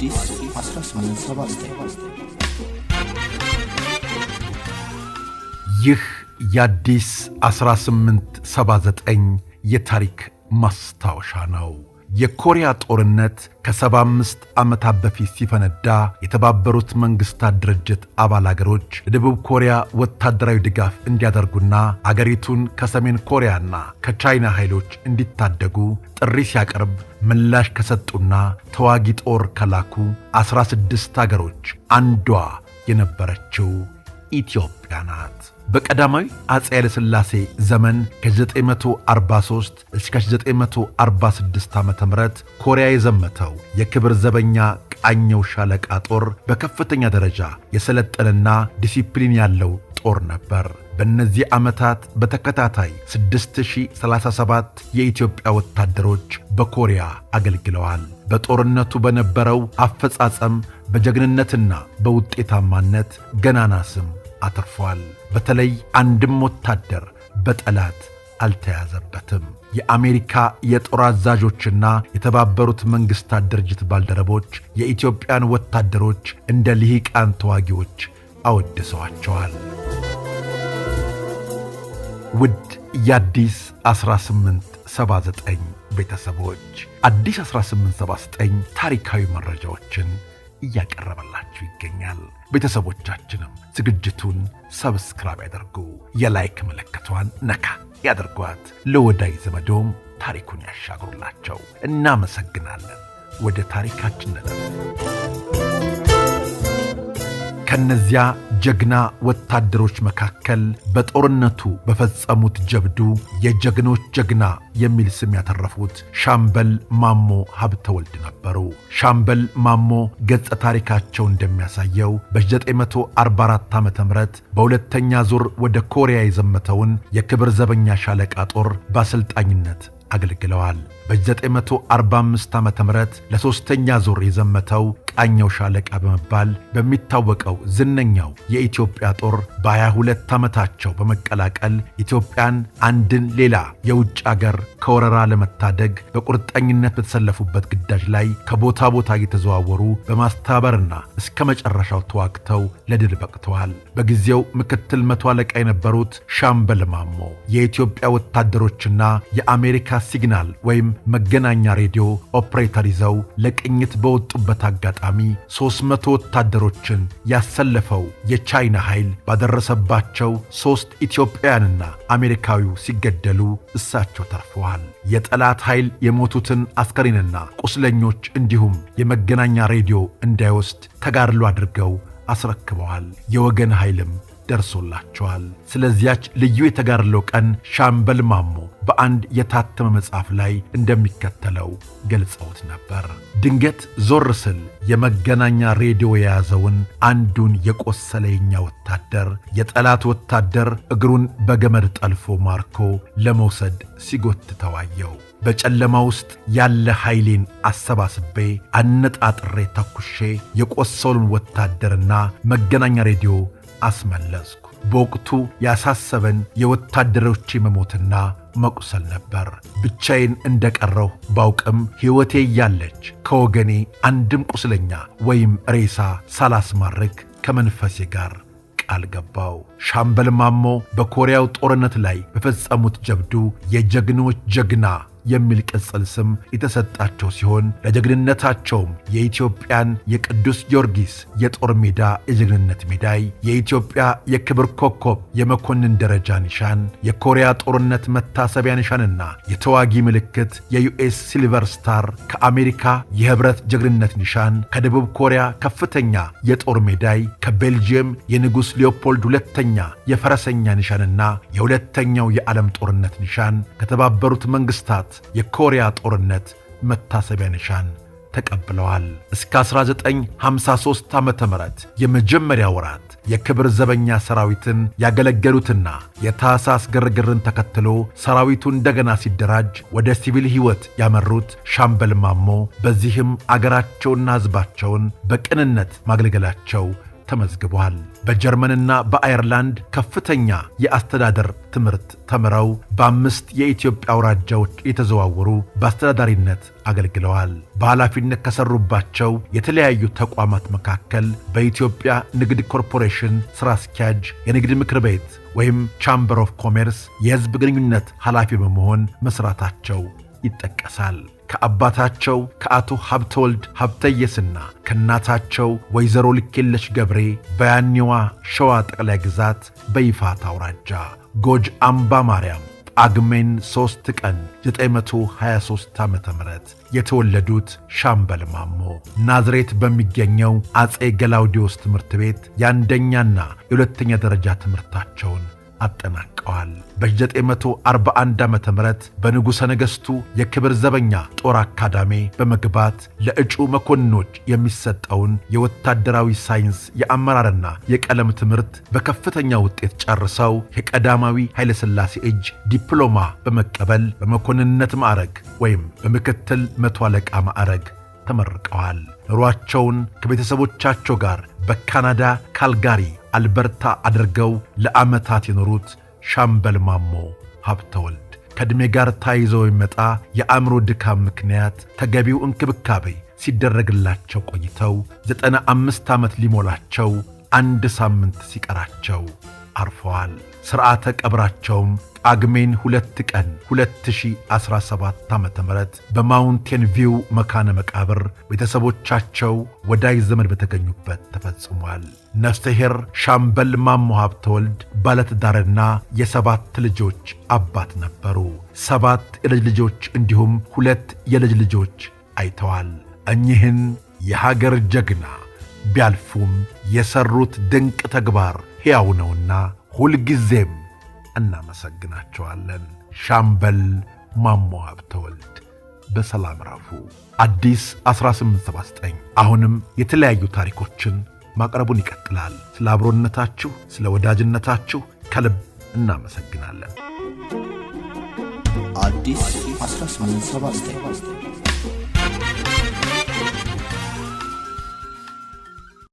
አዲስ 1879 ይህ የአዲስ 1879 የታሪክ ማስታወሻ ነው። የኮሪያ ጦርነት ከ75 ዓመታት በፊት ሲፈነዳ የተባበሩት መንግስታት ድርጅት አባል አገሮች ለደቡብ ኮሪያ ወታደራዊ ድጋፍ እንዲያደርጉና አገሪቱን ከሰሜን ኮሪያና ከቻይና ኃይሎች እንዲታደጉ ጥሪ ሲያቀርብ ምላሽ ከሰጡና ተዋጊ ጦር ከላኩ 16 አገሮች አንዷ የነበረችው ኢትዮጵያ ናት። በቀዳማዊ አፄ ኃይለሥላሴ ዘመን ከ943 እስከ 946 ዓ ም ኮሪያ የዘመተው የክብር ዘበኛ ቃኘው ሻለቃ ጦር በከፍተኛ ደረጃ የሰለጠነና ዲሲፕሊን ያለው ጦር ነበር። በእነዚህ ዓመታት በተከታታይ 6037 የኢትዮጵያ ወታደሮች በኮሪያ አገልግለዋል። በጦርነቱ በነበረው አፈጻጸም በጀግንነትና በውጤታማነት ገናና ስም አትርፏል። በተለይ አንድም ወታደር በጠላት አልተያዘበትም። የአሜሪካ የጦር አዛዦችና የተባበሩት መንግሥታት ድርጅት ባልደረቦች የኢትዮጵያን ወታደሮች እንደ ልሂቃን ተዋጊዎች አወድሰዋቸዋል። ውድ የአዲስ 1879 ቤተሰቦች አዲስ 1879 ታሪካዊ መረጃዎችን እያቀረበላችሁ ይገኛል። ቤተሰቦቻችንም ዝግጅቱን ሰብስክራይብ ያደርጉ፣ የላይክ ምልክቷን ነካ ያደርጓት ለወዳጅ ዘመዶም ታሪኩን ያሻግሩላቸው። እናመሰግናለን። ወደ ታሪካችን ነጠ ከነዚያ ጀግና ወታደሮች መካከል በጦርነቱ በፈጸሙት ጀብዱ የጀግኖች ጀግና የሚል ስም ያተረፉት ሻምበል ማሞ ሀብተወልድ ነበሩ። ሻምበል ማሞ ገጸ ታሪካቸው እንደሚያሳየው በ944 ዓ ም በሁለተኛ ዙር ወደ ኮሪያ የዘመተውን የክብር ዘበኛ ሻለቃ ጦር በአሰልጣኝነት አገልግለዋል። በ945 ዓ ም ለሦስተኛ ዙር የዘመተው ቃኘው ሻለቃ በመባል በሚታወቀው ዝነኛው የኢትዮጵያ ጦር በ22 ዓመታቸው በመቀላቀል ኢትዮጵያን አንድን ሌላ የውጭ አገር ከወረራ ለመታደግ በቁርጠኝነት በተሰለፉበት ግዳጅ ላይ ከቦታ ቦታ እየተዘዋወሩ በማስተባበርና እስከ መጨረሻው ተዋግተው ለድል በቅተዋል። በጊዜው ምክትል መቶ አለቃ የነበሩት ሻምበል ማሞ የኢትዮጵያ ወታደሮችና የአሜሪካ ሲግናል ወይም መገናኛ ሬዲዮ ኦፕሬተር ይዘው ለቅኝት በወጡበት አጋጣሚ 300 ወታደሮችን ያሰለፈው የቻይና ኃይል ባደረሰባቸው ሦስት ኢትዮጵያውያንና አሜሪካዊው ሲገደሉ እሳቸው ተርፈዋል። የጠላት ኃይል የሞቱትን አስከሬንና ቁስለኞች እንዲሁም የመገናኛ ሬዲዮ እንዳይወስድ ተጋድሎ አድርገው አስረክበዋል። የወገን ኃይልም ደርሶላቸዋል። ስለዚያች ልዩ የተጋድሎ ቀን ሻምበል ማሞ በአንድ የታተመ መጽሐፍ ላይ እንደሚከተለው ገልጸውት ነበር። ድንገት ዞር ስል የመገናኛ ሬዲዮ የያዘውን አንዱን የቆሰለ የኛ ወታደር የጠላት ወታደር እግሩን በገመድ ጠልፎ ማርኮ ለመውሰድ ሲጎት ተዋየው። በጨለማ ውስጥ ያለ ኃይሌን አሰባስቤ አነጣጥሬ ተኩሼ የቆሰሉን ወታደርና መገናኛ ሬዲዮ አስመለስኩ። በወቅቱ ያሳሰበን የወታደሮች መሞትና መቁሰል ነበር። ብቻዬን እንደቀረሁ ባውቅም ሕይወቴ እያለች ከወገኔ አንድም ቁስለኛ ወይም ሬሳ ሳላስማርክ ከመንፈሴ ጋር ቃል ገባው። ሻምበል ማሞ በኮሪያው ጦርነት ላይ በፈጸሙት ጀብዱ የጀግኖች ጀግና የሚል ቅጽል ስም የተሰጣቸው ሲሆን ለጀግንነታቸውም የኢትዮጵያን የቅዱስ ጊዮርጊስ የጦር ሜዳ የጀግንነት ሜዳይ፣ የኢትዮጵያ የክብር ኮከብ የመኮንን ደረጃ ኒሻን፣ የኮሪያ ጦርነት መታሰቢያ ኒሻንና የተዋጊ ምልክት የዩኤስ ሲልቨር ስታር፣ ከአሜሪካ የህብረት ጀግንነት ኒሻን፣ ከደቡብ ኮሪያ ከፍተኛ የጦር ሜዳይ፣ ከቤልጅየም የንጉሥ ሊዮፖልድ ሁለተኛ የፈረሰኛ ኒሻንና የሁለተኛው የዓለም ጦርነት ኒሻን ከተባበሩት መንግሥታት ዓመታት የኮሪያ ጦርነት መታሰቢያ ንሻን ተቀብለዋል። እስከ 1953 ዓ ም የመጀመሪያ ወራት የክብር ዘበኛ ሰራዊትን ያገለገሉትና የታህሳስ ግርግርን ተከትሎ ሰራዊቱ እንደገና ሲደራጅ ወደ ሲቪል ሕይወት ያመሩት ሻምበል ማሞ በዚህም አገራቸውና ሕዝባቸውን በቅንነት ማገልገላቸው ተመዝግቧል። በጀርመንና በአየርላንድ ከፍተኛ የአስተዳደር ትምህርት ተምረው በአምስት የኢትዮጵያ አውራጃዎች የተዘዋወሩ በአስተዳዳሪነት አገልግለዋል። በኃላፊነት ከሰሩባቸው የተለያዩ ተቋማት መካከል በኢትዮጵያ ንግድ ኮርፖሬሽን ሥራ አስኪያጅ፣ የንግድ ምክር ቤት ወይም ቻምበር ኦፍ ኮሜርስ የሕዝብ ግንኙነት ኃላፊ በመሆን መሥራታቸው ይጠቀሳል። ከአባታቸው ከአቶ ሀብተወልድ ሀብተየስና ከእናታቸው ወይዘሮ ልኬለሽ ገብሬ በያኔዋ ሸዋ ጠቅላይ ግዛት በይፋት አውራጃ ጎጅ አምባ ማርያም ጳጉሜን 3 ቀን 923 ዓ ም የተወለዱት ሻምበል ማሞ ናዝሬት በሚገኘው አፄ ገላውዲዮስ ትምህርት ቤት የአንደኛና የሁለተኛ ደረጃ ትምህርታቸውን አጠናቀዋል። በ941 ዓ ም በንጉሠ ነገሥቱ የክብር ዘበኛ ጦር አካዳሜ በመግባት ለእጩ መኮንኖች የሚሰጠውን የወታደራዊ ሳይንስ የአመራርና የቀለም ትምህርት በከፍተኛ ውጤት ጨርሰው የቀዳማዊ ኃይለሥላሴ እጅ ዲፕሎማ በመቀበል በመኮንነት ማዕረግ ወይም በምክትል መቶ አለቃ ማዕረግ ተመርቀዋል። ኑሯቸውን ከቤተሰቦቻቸው ጋር በካናዳ ካልጋሪ አልበርታ አድርገው ለዓመታት የኖሩት ሻምበል ማሞ ሀብተወልድ ከዕድሜ ጋር ታይዘው የሚመጣ የአእምሮ ድካም ምክንያት ተገቢው እንክብካቤ ሲደረግላቸው ቆይተው ዘጠና አምስት ዓመት ሊሞላቸው አንድ ሳምንት ሲቀራቸው አርፈዋል። ሥርዓተ ቀብራቸውም ጳጉሜን ሁለት ቀን 2017 ዓ ም በማውንቴን ቪው መካነ መቃብር ቤተሰቦቻቸው ወዳጅ ዘመድ በተገኙበት ተፈጽሟል። ነፍሰሔር ሻምበል ማሞ ሀብተወልድ ባለትዳርና የሰባት ልጆች አባት ነበሩ። ሰባት የልጅ ልጆች እንዲሁም ሁለት የልጅ ልጆች አይተዋል። እኚህን የሀገር ጀግና ቢያልፉም የሰሩት ድንቅ ተግባር ሕያው ነውና ሁልጊዜም እናመሰግናቸዋለን። ሻምበል ማሞ ሀብተወልድ በሰላም ራፉ። አዲስ 1879 አሁንም የተለያዩ ታሪኮችን ማቅረቡን ይቀጥላል። ስለ አብሮነታችሁ፣ ስለ ወዳጅነታችሁ ከልብ እናመሰግናለን። አዲስ 1879